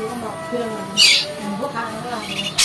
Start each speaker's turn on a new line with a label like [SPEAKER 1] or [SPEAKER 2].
[SPEAKER 1] chú không đọc kia là thuốc thang nữa là